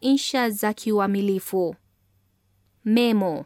Insha za kiuamilifu. Memo